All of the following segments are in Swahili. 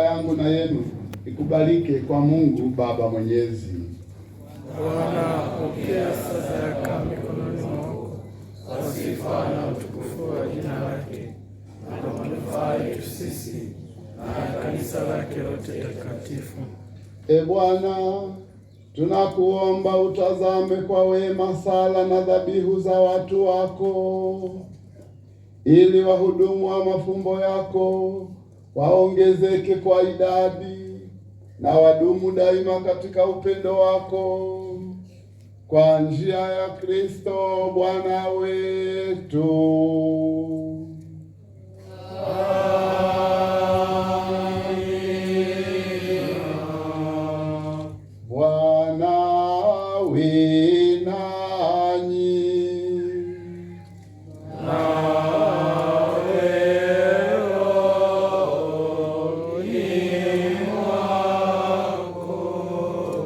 yangu na yenu ikubalike kwa Mungu Baba Mwenyezi. Bwana, pokea sadaka mikononi mwako kwa sifa na utukufu wa jina lake na kwa manufaa yetu sisi na kanisa lake lote takatifu. E Bwana, tunakuomba utazame kwa wema sala na dhabihu za watu wako, ili wahudumu wa mafumbo yako waongezeke kwa idadi na wadumu daima katika upendo wako kwa njia ya Kristo Bwana wetu. Bwana wina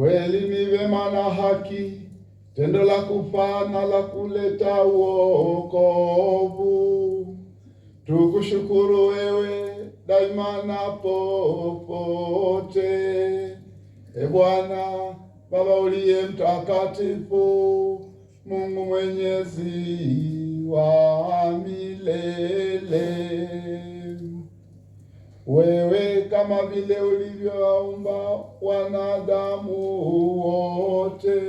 kweli ni vema na haki, tendo la kufana na la kuleta uokovu. Tukushukuru wewe daima na popote, e Bwana Baba uliye mtakatifu, Mungu mwenyezi wa milele wewe kama vile ulivyowaumba wanadamu wote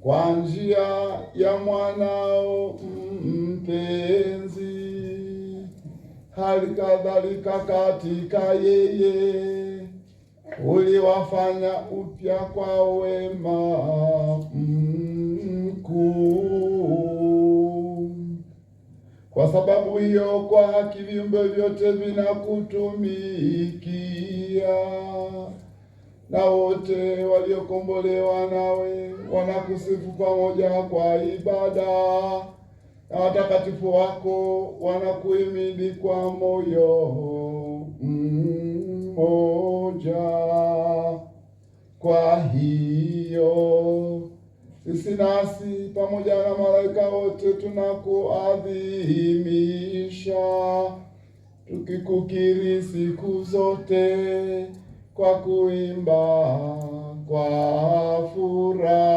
kwa njia ya mwanao mpenzi, hali kadhalika katika yeye uliwafanya upya kwa wema mkuu kwa sababu hiyo, kwa haki viumbe vyote vinakutumikia na wote waliokombolewa nawe wanakusifu pamoja kwa ibada, na watakatifu wako wanakuhimidi kwa moyo mmoja kwa hii sisi nasi pamoja na malaika wote tunakuadhimisha, tukikukiri siku zote kwa kuimba kwa furaha